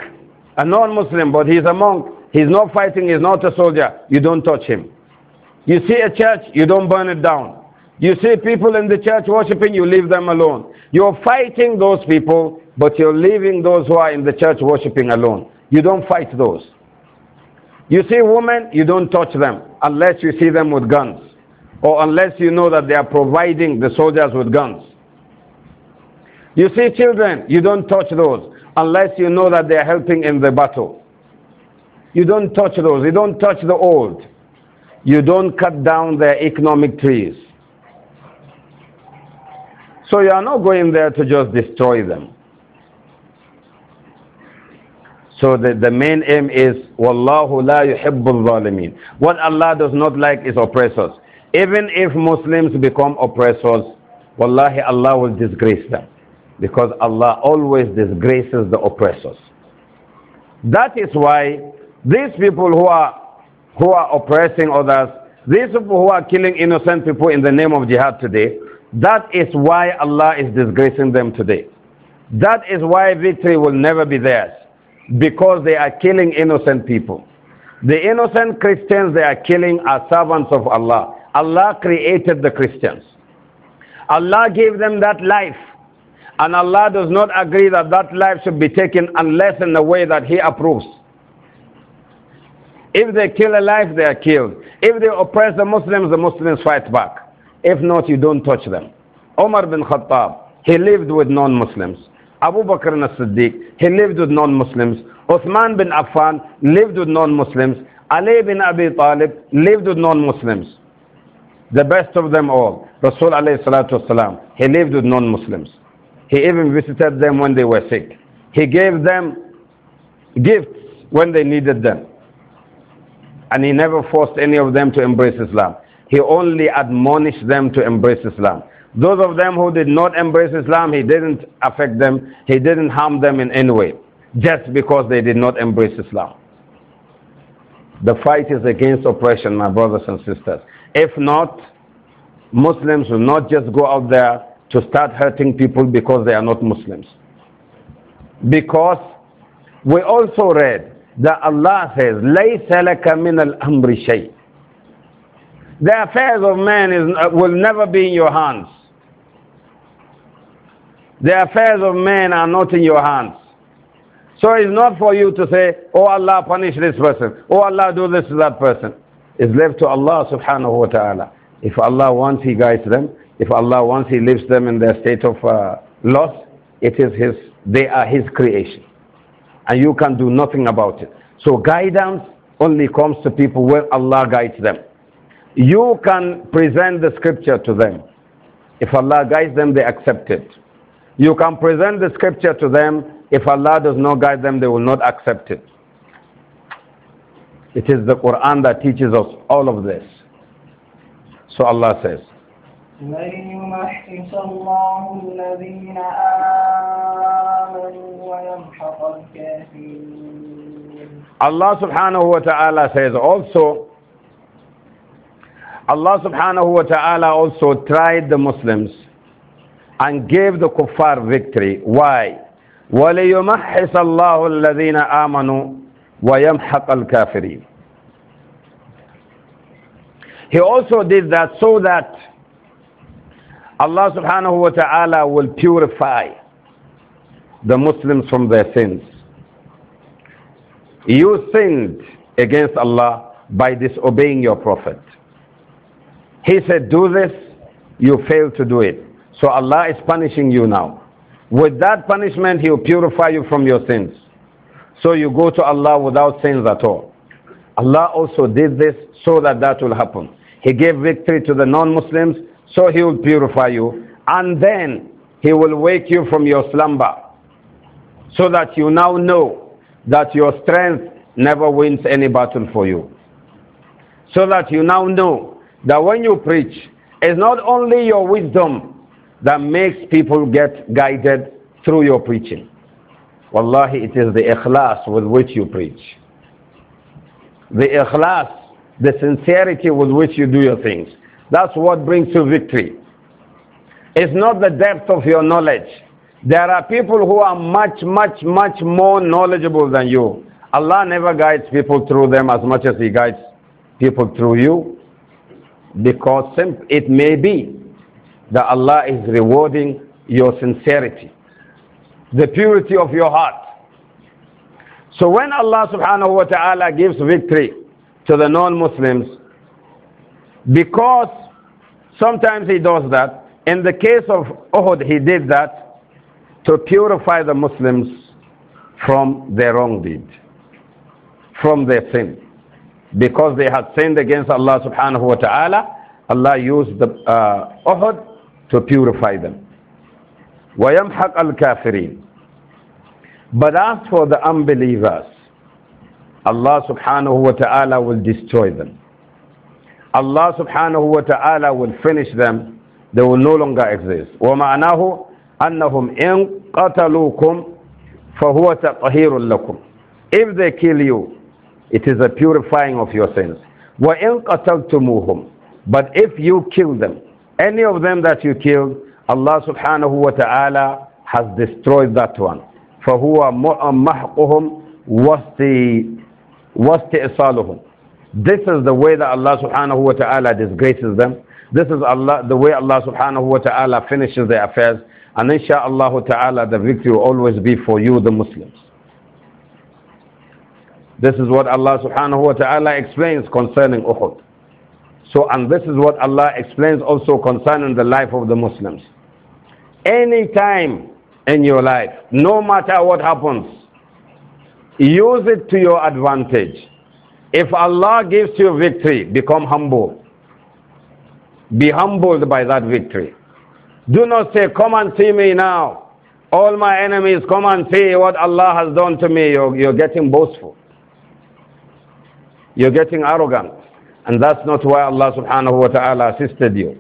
a non Muslim, but he's a monk. He's not fighting, he's not a soldier. You don't touch him. You see a church, you don't burn it down. You see people in the church worshipping, you leave them alone. You're fighting those people, but you're leaving those who are in the church worshipping alone. You don't fight those. You see women, you don't touch them unless you see them with guns or unless you know that they are providing the soldiers with guns. You see, children, you don't touch those unless you know that they are helping in the battle. You don't touch those. You don't touch the old. You don't cut down their economic trees. So you are not going there to just destroy them. So the, the main aim is Wallahu la yuhibbul zalimin. What Allah does not like is oppressors. Even if Muslims become oppressors, wallahi, Allah will disgrace them. Because Allah always disgraces the oppressors. That is why these people who are, who are oppressing others, these people who are killing innocent people in the name of jihad today, that is why Allah is disgracing them today. That is why victory will never be theirs. Because they are killing innocent people. The innocent Christians they are killing are servants of Allah. Allah created the Christians. Allah gave them that life. And Allah does not agree that that life should be taken unless in a way that He approves. If they kill a life, they are killed. If they oppress the Muslims, the Muslims fight back. If not, you don't touch them. Omar bin Khattab, he lived with non Muslims. Abu Bakr as Siddiq, he lived with non Muslims. Uthman bin Affan lived with non Muslims. Ali bin Abi Talib lived with non Muslims the best of them all, Rasul alayhi salatu wasalam, he lived with non-Muslims. He even visited them when they were sick. He gave them gifts when they needed them. And he never forced any of them to embrace Islam. He only admonished them to embrace Islam. Those of them who did not embrace Islam, he didn't affect them, he didn't harm them in any way, just because they did not embrace Islam. The fight is against oppression, my brothers and sisters. If not, Muslims will not just go out there to start hurting people because they are not Muslims. Because we also read that Allah says, لَيْسَ لَكَ مِنَ الْأَمْرِ شَيْءٍ The affairs of man is, uh, will never be in your hands. The affairs of men are not in your hands. So it's not for you to say, Oh Allah, punish this person. Oh Allah, do this to that person is left to Allah subhanahu wa ta'ala. If Allah wants, He guides them. If Allah wants, He leaves them in their state of uh, loss. It is His, they are His creation. And you can do nothing about it. So guidance only comes to people when Allah guides them. You can present the scripture to them. If Allah guides them, they accept it. You can present the scripture to them. If Allah does not guide them, they will not accept it. It is the Quran that teaches us all of this. So Allah says, Allah subhanahu wa ta'ala says also Allah subhanahu wa ta'ala also tried the Muslims and gave the kuffar victory. Why? وَلِيُمَحِّصَ اللَّهُ الَّذِينَ آمَنُوا وَيَمْحَقَ الْكَافِرِينَ He also did that so that Allah subhanahu wa ta'ala will purify the Muslims from their sins. You sinned against Allah by disobeying your Prophet. He said, Do this, you failed to do it. So Allah is punishing you now. With that punishment, He will purify you from your sins. So you go to Allah without sins at all. Allah also did this so that that will happen. He gave victory to the non-Muslims, so He will purify you. And then He will wake you from your slumber so that you now know that your strength never wins any battle for you. So that you now know that when you preach, it's not only your wisdom that makes people get guided through your preaching. Wallahi, it is the ikhlas with which you preach. The ikhlas, the sincerity with which you do your things. That's what brings you victory. It's not the depth of your knowledge. There are people who are much, much, much more knowledgeable than you. Allah never guides people through them as much as He guides people through you because it may be that Allah is rewarding your sincerity the purity of your heart. So when Allah subhanahu wa ta'ala gives victory to the non-Muslims, because sometimes he does that, in the case of Uhud he did that to purify the Muslims from their wrong deed, from their sin. Because they had sinned against Allah subhanahu wa ta'ala, Allah used the uh, Uhud to purify them. وَيَمْحَقْ الْكَافِرِينَ But as for the unbelievers, Allah subhanahu wa ta'ala will destroy them. Allah subhanahu wa ta'ala will finish them. They will no longer exist. وَمَعْنَاهُ أَنَّهُمْ إِن قَتَلُوكُمْ فَهُوَ تَطْهِيرٌ لَكُمْ If they kill you, it is a purifying of your sins. وَإِن قَتَلْتُمُوهُمْ But if you kill them, any of them that you kill. Allah subhanahu wa ta'ala has destroyed that one. فَهُوَ مَحْقُهُمْ وَاسْتِئْصَالُهُمْ This is the way that Allah subhanahu wa ta'ala disgraces them. This is Allah, the way Allah subhanahu wa ta'ala finishes their affairs. And insha'Allah ta'ala, the victory will always be for you, the Muslims. This is what Allah subhanahu wa ta'ala explains concerning Uhud. So, and this is what Allah explains also concerning the life of the Muslims. Any time in your life, no matter what happens, use it to your advantage. If Allah gives you victory, become humble. Be humbled by that victory. Do not say, Come and see me now. All my enemies, come and see what Allah has done to me. You're, you're getting boastful. You're getting arrogant. And that's not why Allah subhanahu wa ta'ala assisted you.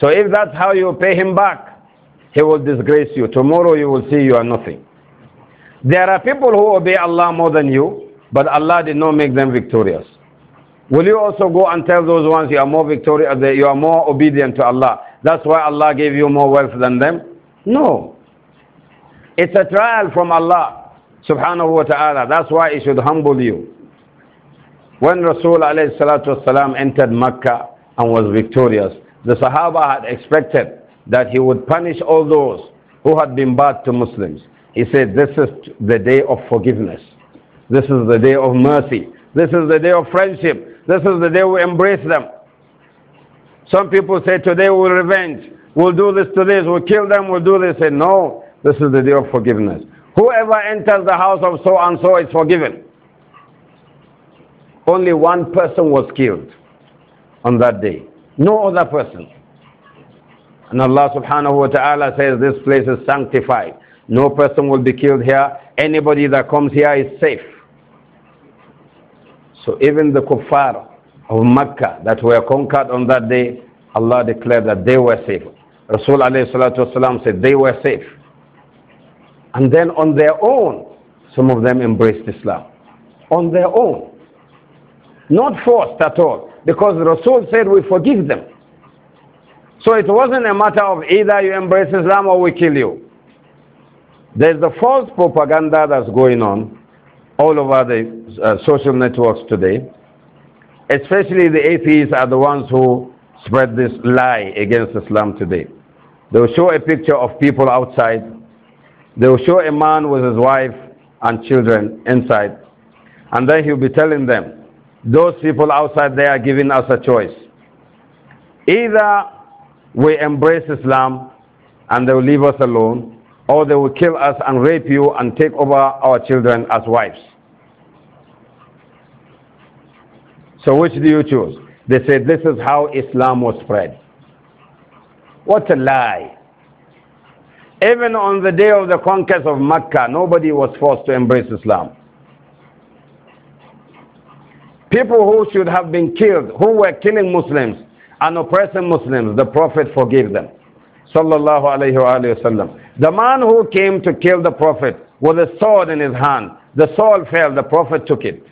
So if that's how you pay him back, he will disgrace you. Tomorrow you will see you are nothing. There are people who obey Allah more than you, but Allah did not make them victorious. Will you also go and tell those ones you are more victorious, you are more obedient to Allah? That's why Allah gave you more wealth than them? No. It's a trial from Allah subhanahu wa ta'ala. That's why it should humble you. When Rasul entered Mecca and was victorious, the Sahaba had expected that he would punish all those who had been bad to Muslims. He said, This is the day of forgiveness. This is the day of mercy. This is the day of friendship. This is the day we embrace them. Some people say, Today we'll revenge. We'll do this to this. We'll kill them. We'll do this. Say, No, this is the day of forgiveness. Whoever enters the house of so and so is forgiven. Only one person was killed on that day. No other person. And Allah subhanahu wa ta'ala says this place is sanctified. No person will be killed here. Anybody that comes here is safe. So even the kuffar of Mecca that were conquered on that day, Allah declared that they were safe. Rasul alayhi salatu wasalam said they were safe. And then on their own, some of them embraced Islam. On their own. Not forced at all. Because Rasul said we forgive them. So it wasn't a matter of either you embrace Islam or we kill you. There's the false propaganda that's going on all over the uh, social networks today. Especially the atheists are the ones who spread this lie against Islam today. They'll show a picture of people outside. They'll show a man with his wife and children inside. And then he'll be telling them, those people outside there are giving us a choice. Either we embrace Islam and they will leave us alone, or they will kill us and rape you and take over our children as wives. So, which do you choose? They said this is how Islam was spread. What a lie. Even on the day of the conquest of Mecca, nobody was forced to embrace Islam. People who should have been killed, who were killing Muslims and oppressing Muslims, the Prophet forgave them. Sallallahu alayhi wasallam. The man who came to kill the Prophet with a sword in his hand, the sword fell, the Prophet took it.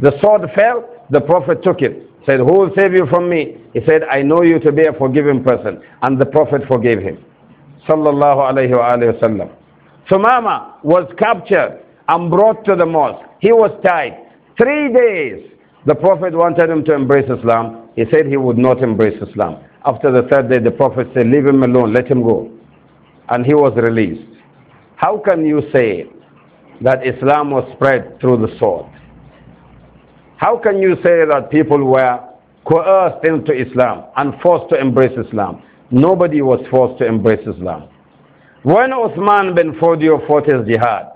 The sword fell, the Prophet took it. Said, Who will save you from me? He said, I know you to be a forgiving person. And the Prophet forgave him. Sallallahu alayhi wasallam. Sumama was captured and brought to the mosque. He was tied. Three days. The Prophet wanted him to embrace Islam. He said he would not embrace Islam. After the third day, the Prophet said, Leave him alone, let him go. And he was released. How can you say that Islam was spread through the sword? How can you say that people were coerced into Islam and forced to embrace Islam? Nobody was forced to embrace Islam. When Uthman bin Fodio fought his jihad,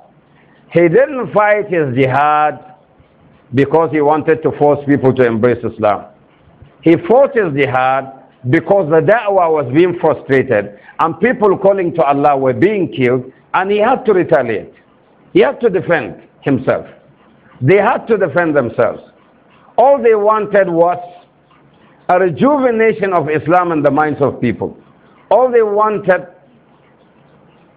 he didn't fight his jihad because he wanted to force people to embrace Islam. He fought his jihad because the da'wah was being frustrated and people calling to Allah were being killed and he had to retaliate. He had to defend himself. They had to defend themselves. All they wanted was a rejuvenation of Islam in the minds of people. All they wanted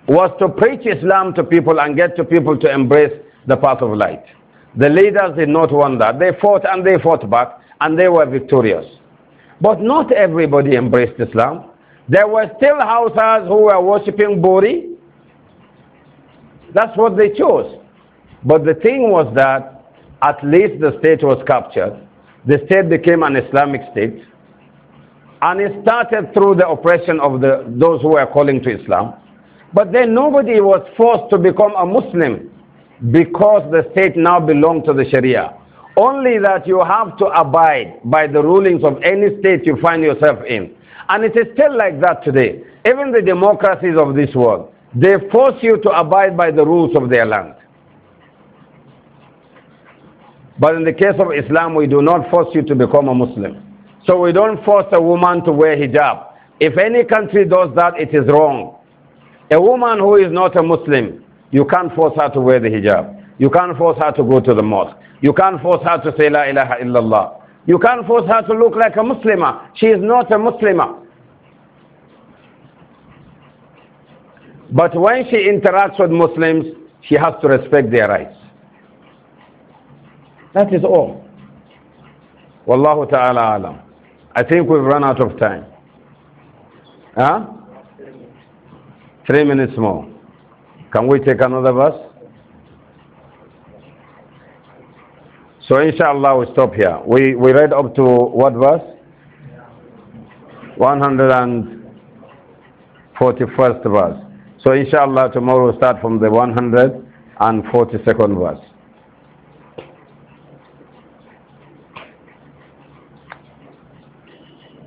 was to preach Islam to people and get to people to embrace the path of light. The leaders did not want that. They fought and they fought back and they were victorious. But not everybody embraced Islam. There were still Hausas who were worshipping Bori. That's what they chose. But the thing was that at least the state was captured. The state became an Islamic state. And it started through the oppression of the, those who were calling to Islam. But then nobody was forced to become a Muslim because the state now belongs to the Sharia. Only that you have to abide by the rulings of any state you find yourself in. And it is still like that today. Even the democracies of this world, they force you to abide by the rules of their land. But in the case of Islam, we do not force you to become a Muslim. So we don't force a woman to wear hijab. If any country does that, it is wrong. A woman who is not a Muslim, you can't force her to wear the hijab. You can't force her to go to the mosque. You can't force her to say La ilaha illallah. You can't force her to look like a Muslimah. She is not a Muslimah. But when she interacts with Muslims, she has to respect their rights. That is all. Wallahu ta'ala alam. I think we've run out of time. Huh? Three minutes more. Can we take another verse? So inshallah we stop here. We, we read up to what verse? 141st verse. So inshallah tomorrow we start from the 142nd verse.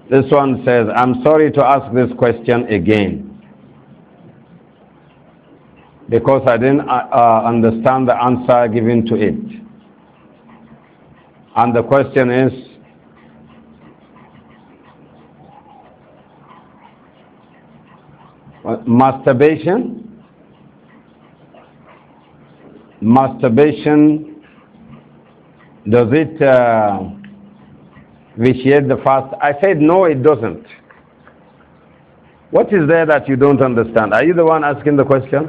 This one says, I'm sorry to ask this question again because I didn't uh, uh, understand the answer given to it. And the question is uh, masturbation? Masturbation, does it uh, vitiate the fast? I said, no, it doesn't. What is there that you don't understand? Are you the one asking the question?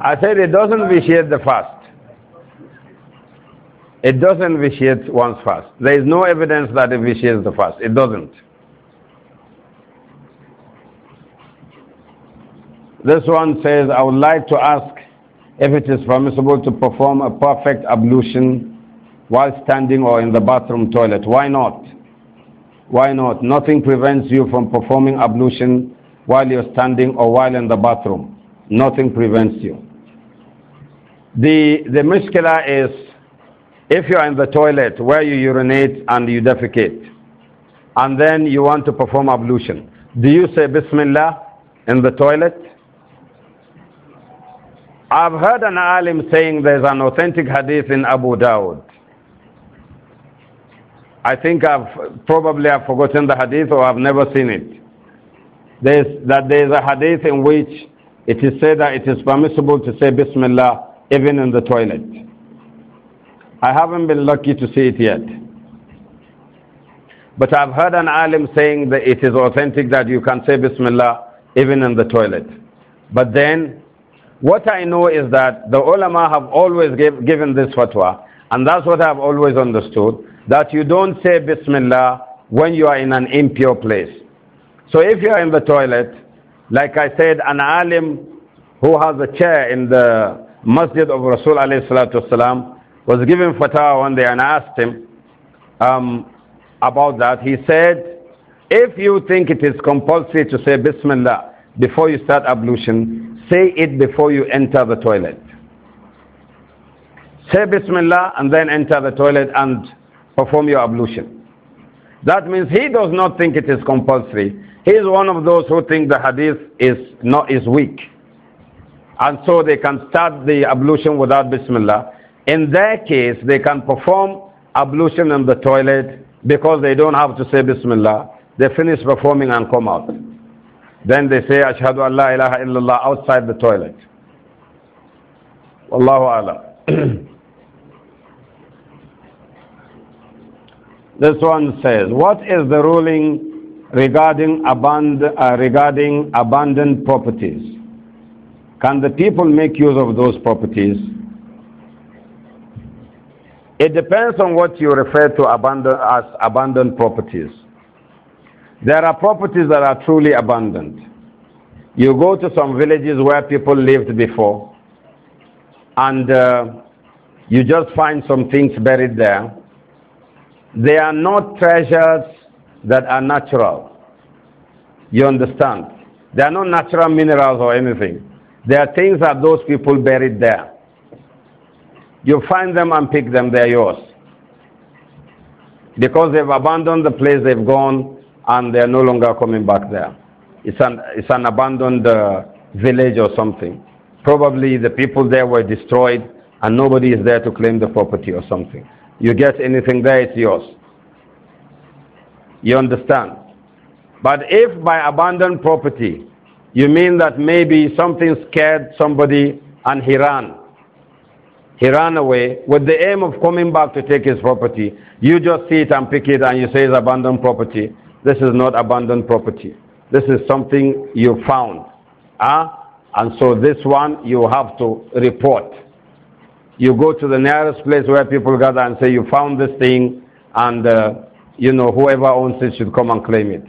I said it doesn't vitiate the fast. It doesn't vitiate one's fast. There is no evidence that it vitiates the fast. It doesn't. This one says, I would like to ask if it is permissible to perform a perfect ablution while standing or in the bathroom toilet. Why not? Why not? Nothing prevents you from performing ablution while you're standing or while in the bathroom. Nothing prevents you. The, the muscular is if you're in the toilet where you urinate and you defecate, and then you want to perform ablution, do you say Bismillah in the toilet? I've heard an alim saying there's an authentic hadith in Abu Dawud I think I've probably I've forgotten the hadith or I've never seen it. There's, that there is a hadith in which it is said that it is permissible to say Bismillah even in the toilet. I haven't been lucky to see it yet. But I've heard an alim saying that it is authentic that you can say Bismillah even in the toilet. But then, what I know is that the ulama have always give, given this fatwa, and that's what I've always understood that you don't say Bismillah when you are in an impure place. So if you are in the toilet, like I said, an alim who has a chair in the masjid of Rasul alayhi salatu wasalam was given fatwa one day and asked him um, about that. He said, if you think it is compulsory to say Bismillah before you start ablution, say it before you enter the toilet. Say Bismillah and then enter the toilet and perform your ablution. That means he does not think it is compulsory. He is one of those who think the hadith is, not, is weak. And so they can start the ablution without bismillah. In their case, they can perform ablution in the toilet because they don't have to say bismillah. They finish performing and come out. Then they say ashhadu an la ilaha illallah outside the toilet. Allahu Alam. This one says, what is the ruling regarding, uh, regarding abandoned properties? Can the people make use of those properties? It depends on what you refer to abandon, as abandoned properties. There are properties that are truly abandoned. You go to some villages where people lived before, and uh, you just find some things buried there they are not treasures that are natural. You understand? They are not natural minerals or anything. They are things that those people buried there. You find them and pick them, they're yours. Because they've abandoned the place, they've gone, and they're no longer coming back there. It's an, it's an abandoned uh, village or something. Probably the people there were destroyed, and nobody is there to claim the property or something. You get anything there, it's yours. You understand? But if by abandoned property, you mean that maybe something scared somebody and he ran. He ran away with the aim of coming back to take his property. You just see it and pick it and you say it's abandoned property. This is not abandoned property. This is something you found. Huh? Ah? And so this one you have to report. You go to the nearest place where people gather and say, You found this thing, and uh, you know, whoever owns it should come and claim it.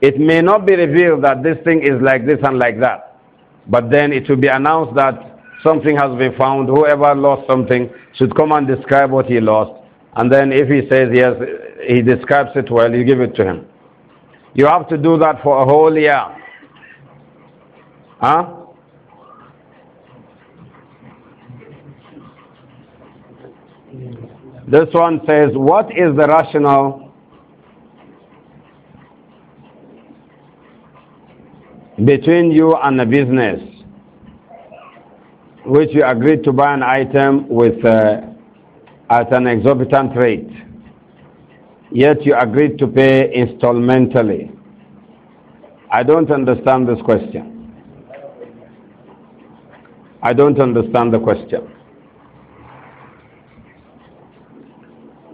It may not be revealed that this thing is like this and like that, but then it will be announced that something has been found. Whoever lost something should come and describe what he lost. And then if he says yes, he describes it well, you give it to him. You have to do that for a whole year. Huh? This one says, what is the rationale between you and a business which you agreed to buy an item with uh, at an exorbitant rate, yet you agreed to pay installmentally? I don't understand this question. I don't understand the question.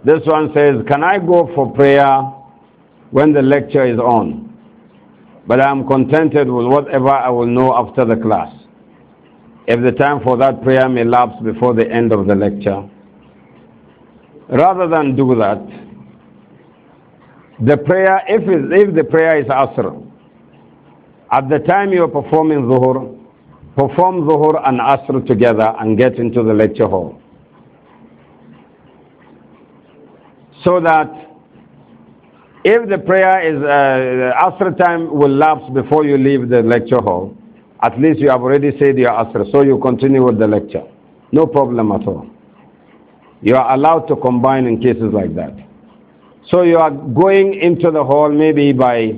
This one says, Can I go for prayer when the lecture is on? But I am contented with whatever I will know after the class. If the time for that prayer may lapse before the end of the lecture. Rather than do that, the prayer, if, it, if the prayer is Asr, at the time you are performing Zuhur, perform Zuhur and Asr together and get into the lecture hall. so that if the prayer is uh, time will lapse before you leave the lecture hall, at least you have already said your Asr, so you continue with the lecture. No problem at all. You are allowed to combine in cases like that. So you are going into the hall maybe by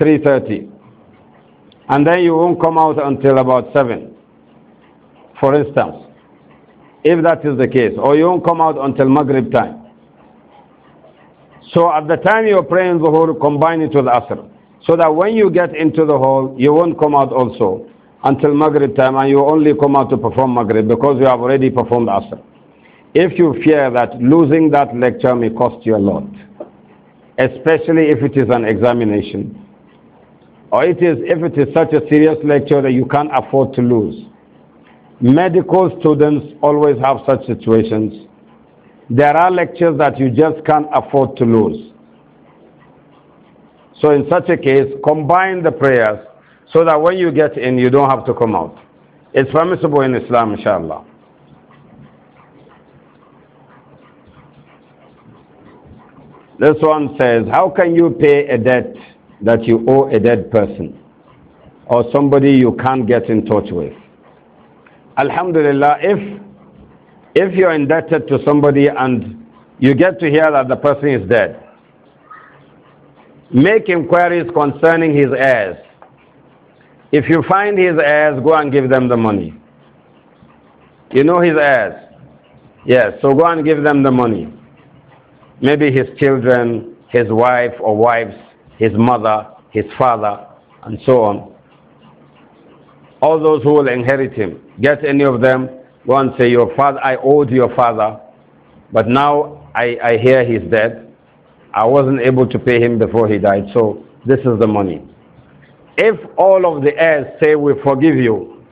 3.30 and then you won't come out until about 7, for instance, if that is the case, or you won't come out until Maghrib time. So at the time you're praying Zuhur, combine it with Asr. So that when you get into the hall, you won't come out also until Maghrib time and you only come out to perform Maghrib because you have already performed Asr. If you fear that losing that lecture may cost you a lot, especially if it is an examination, or it is if it is such a serious lecture that you can't afford to lose. Medical students always have such situations there are lectures that you just can't afford to lose. So in such a case, combine the prayers so that when you get in, you don't have to come out. It's permissible in Islam, inshallah. This one says, How can you pay a debt that you owe a dead person or somebody you can't get in touch with? Alhamdulillah, if if you're indebted to somebody and you get to hear that the person is dead, make inquiries concerning his heirs. If you find his heirs, go and give them the money. You know his heirs? Yes, so go and give them the money. Maybe his children, his wife or wives, his mother, his father, and so on. All those who will inherit him, get any of them, Go and say, your father, I owed your father, but now I, I hear he's dead. I wasn't able to pay him before he died, so this is the money. If all of the heirs say, we forgive you,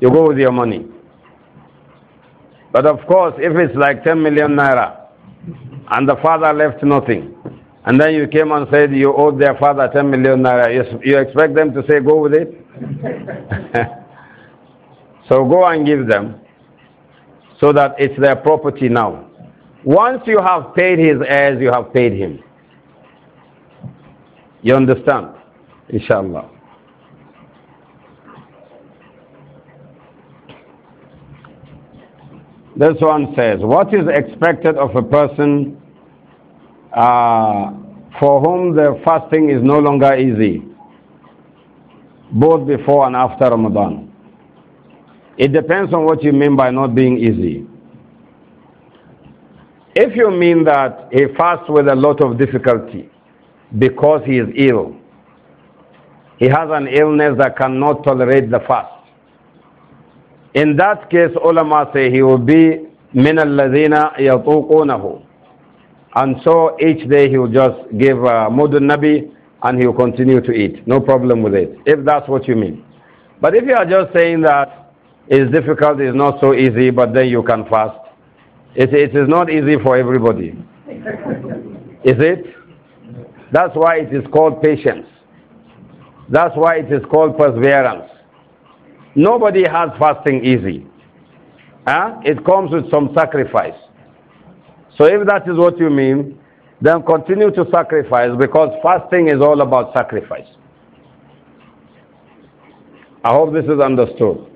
you go with your money. But of course, if it's like 10 million naira, and the father left nothing, and then you came and said you owed their father 10 million naira, you expect them to say, go with it? so go and give them so that it's their property now. Once you have paid his heirs, you have paid him. You understand? Inshallah. This one says, What is expected of a person uh, for whom the fasting is no longer easy, both before and after Ramadan? It depends on what you mean by not being easy. If you mean that he fasts with a lot of difficulty because he is ill, he has an illness that cannot tolerate the fast. In that case, ulama say he will be min alladhina yatuqunahu. And so each day he will just give uh, mudun nabi and he will continue to eat. No problem with it, if that's what you mean. But if you are just saying that it's difficult, it's not so easy, but then you can fast. It, it is not easy for everybody. Is it? That's why it is called patience. That's why it is called perseverance. Nobody has fasting easy. Huh? It comes with some sacrifice. So if that is what you mean, then continue to sacrifice because fasting is all about sacrifice. I hope this is understood.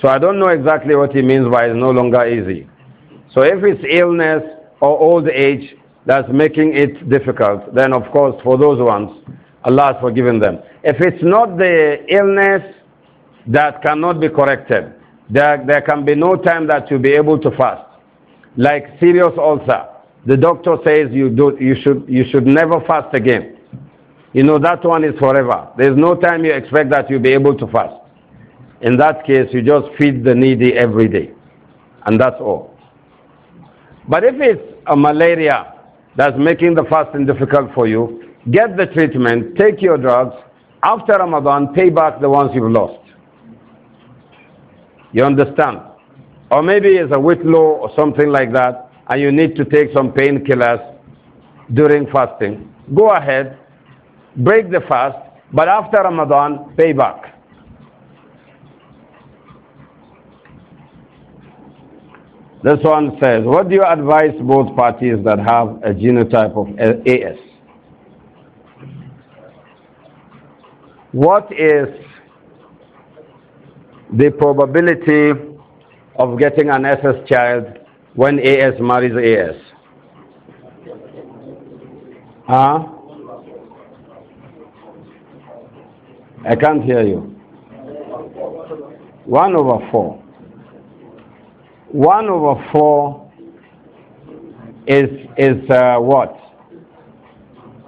So I don't know exactly what he means by it's no longer easy. So if it's illness or old age that's making it difficult, then of course for those ones, Allah has forgiven them. If it's not the illness that cannot be corrected, there, there can be no time that you'll be able to fast. Like serious ulcer, the doctor says you, do, you, should, you should never fast again. You know, that one is forever. There's no time you expect that you'll be able to fast. In that case, you just feed the needy every day. And that's all. But if it's a malaria that's making the fasting difficult for you, get the treatment, take your drugs. After Ramadan, pay back the ones you've lost. You understand? Or maybe it's a weight or something like that, and you need to take some painkillers during fasting. Go ahead, break the fast, but after Ramadan, pay back. This one says, what do you advise both parties that have a genotype of AS? What is the probability of getting an SS child when AS marries AS? Huh? I can't hear you. 1 over 4. 1 over 4 is, is uh, what?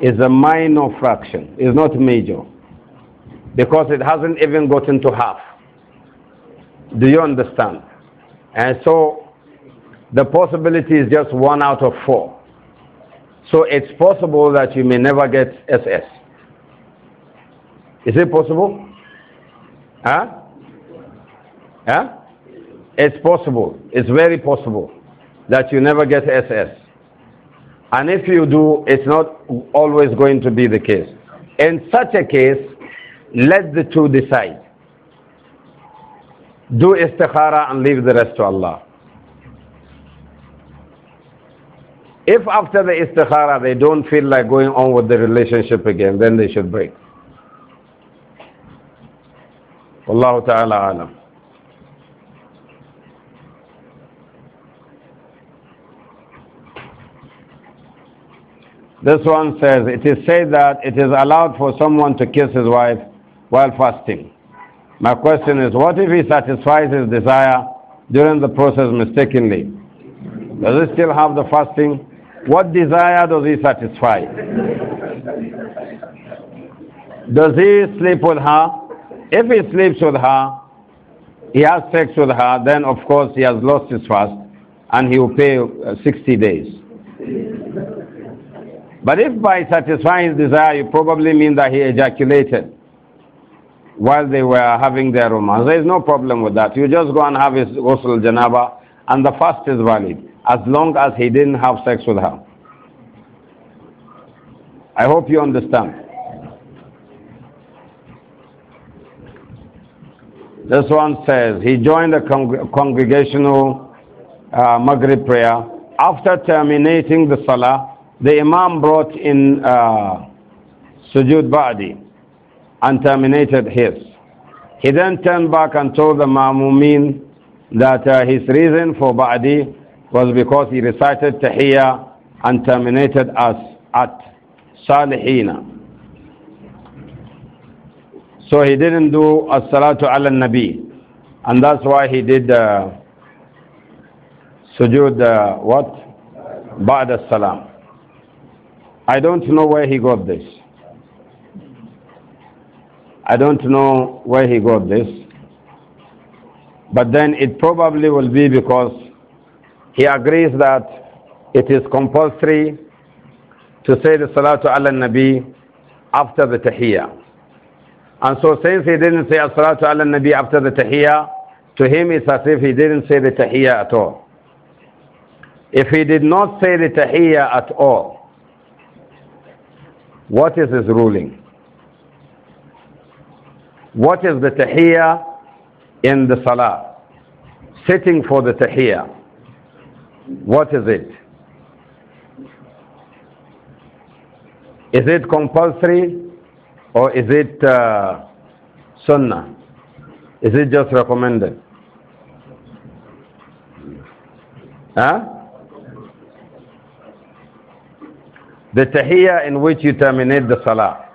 Is a minor fraction, It's not major. Because it hasn't even gotten to half. Do you understand? And so the possibility is just 1 out of 4. So it's possible that you may never get SS. Is it possible? Huh? Huh? It's possible, it's very possible that you never get SS. And if you do, it's not always going to be the case. In such a case, let the two decide. Do istikhara and leave the rest to Allah. If after the istikhara they don't feel like going on with the relationship again, then they should break. Wallahu ta'ala alam. This one says, it is said that it is allowed for someone to kiss his wife while fasting. My question is, what if he satisfies his desire during the process mistakenly? Does he still have the fasting? What desire does he satisfy? Does he sleep with her? If he sleeps with her, he has sex with her, then of course he has lost his fast and he will pay uh, 60 days. But if by satisfying his desire you probably mean that he ejaculated while they were having their romance, there is no problem with that. You just go and have his ghusl janaba and the fast is valid as long as he didn't have sex with her. I hope you understand. This one says he joined the congregational uh, Maghrib prayer after terminating the salah the Imam brought in uh, Sujud Ba'di and terminated his. He then turned back and told the Ma'mumin that uh, his reason for Ba'di was because he recited Tahiyya and terminated us at Salihina. So he didn't do As-Salatu ala Nabi. And that's why he did uh, Sujud uh, what? Ba'da Salam. I don't know where he got this. I don't know where he got this. But then it probably will be because he agrees that it is compulsory to say the Salatu ala Nabi after the Tahiyya. And so since he didn't say Salatu ala Nabi after the Tahiyya, to him it's as if he didn't say the Tahiyya at all. If he did not say the Tahiyya at all, what is his ruling? What is the tahiyya in the salah? Sitting for the tahiyya. What is it? Is it compulsory or is it uh, sunnah? Is it just recommended? Huh? The tahiyyah in which you terminate the salah.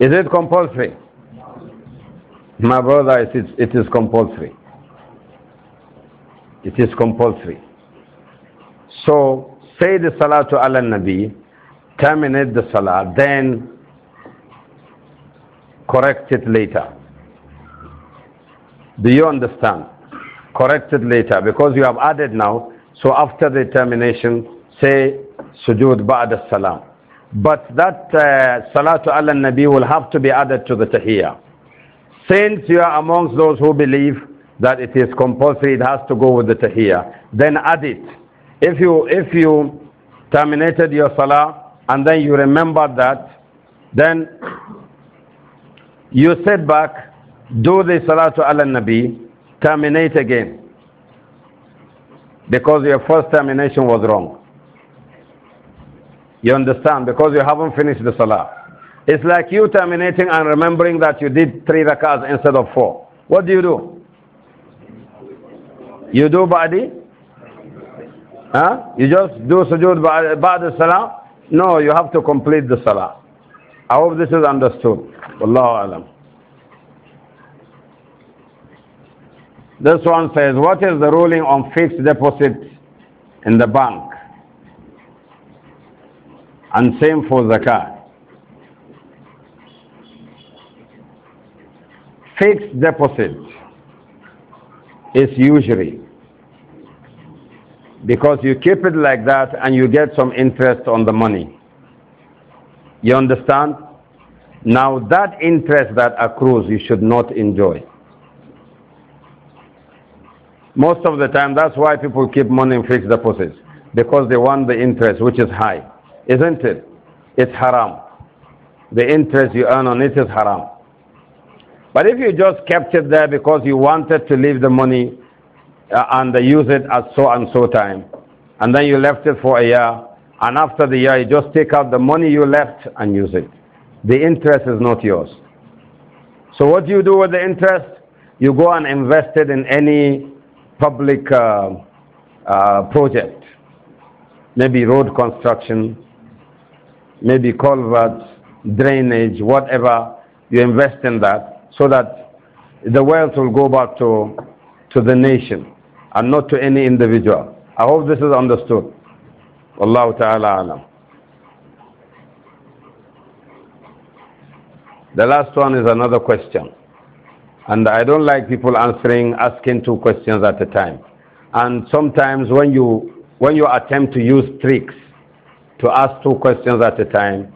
Is it compulsory? My brother, it is, it is compulsory. It is compulsory. So, say the salah to Allah Nabi, terminate the salah, then correct it later. Do you understand? Correct it later because you have added now. So after the termination, say sujood ba'da salam. But that uh, salatu ala nabi will have to be added to the tahiyyah. Since you are amongst those who believe that it is compulsory, it has to go with the tahiyyah, then add it. If you, if you terminated your salah and then you remember that, then you sit back, do the salatu ala nabi, terminate again. Because your first termination was wrong. You understand? Because you haven't finished the salah. It's like you terminating and remembering that you did three rakahs instead of four. What do you do? You do ba'di? Huh? You just do sujood ba'da salah? No, you have to complete the salah. I hope this is understood. Wallahu alam. This one says, what is the ruling on fixed deposits in the bank? And same for zakah. Fixed deposit is usury because you keep it like that and you get some interest on the money. You understand? Now, that interest that accrues, you should not enjoy. Most of the time, that's why people keep money in fixed deposits because they want the interest, which is high. Isn't it? It's haram. The interest you earn on it is haram. But if you just kept it there because you wanted to leave the money uh, and use it at so and so time, and then you left it for a year, and after the year you just take out the money you left and use it. The interest is not yours. So what do you do with the interest? You go and invest it in any public uh, uh, project, maybe road construction, maybe culverts, drainage, whatever, you invest in that so that the wealth will go back to, to the nation and not to any individual. I hope this is understood. Allah Ta'ala alam. The last one is another question. And I don't like people answering, asking two questions at a time. And sometimes when you, when you attempt to use tricks, to ask two questions at a time,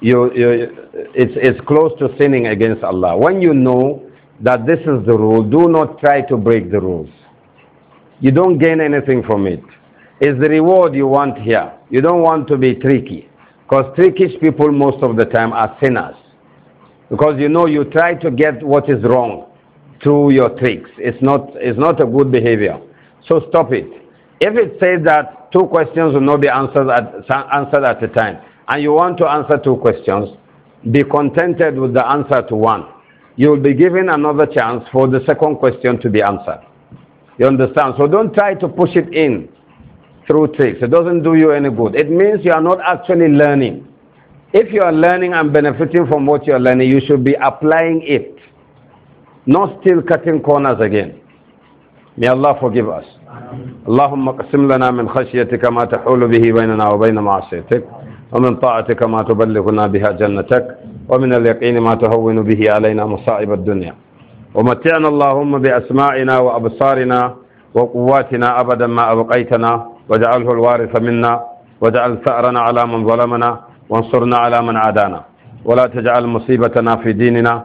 you, you, it's, it's close to sinning against Allah. When you know that this is the rule, do not try to break the rules. You don't gain anything from it. It's the reward you want here. You don't want to be tricky. Because trickish people most of the time are sinners. Because you know you try to get what is wrong through your tricks. It's not, it's not a good behavior. So stop it. If it says that two questions will not be answered at, answered at a time, and you want to answer two questions, be contented with the answer to one. You will be given another chance for the second question to be answered. You understand? So don't try to push it in through tricks. It doesn't do you any good. It means you are not actually learning. If you are learning and benefiting from what you are learning, you should be applying it, not still cutting corners again. May Allah forgive us. اللهم اقسم لنا من خشيتك ما تحول به بيننا وبين معصيتك ومن طاعتك ما تبلغنا بها جنتك ومن اليقين ما تهون به علينا مصائب الدنيا ومتعنا اللهم بأسمائنا وأبصارنا وقواتنا أبدا ما أبقيتنا واجعله الوارث منا واجعل ثأرنا على من ظلمنا وانصرنا على من عادانا ولا تجعل مصيبتنا في ديننا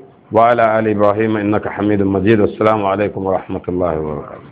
وعلى آل إبراهيم إنك حميد مجيد والسلام عليكم ورحمة الله وبركاته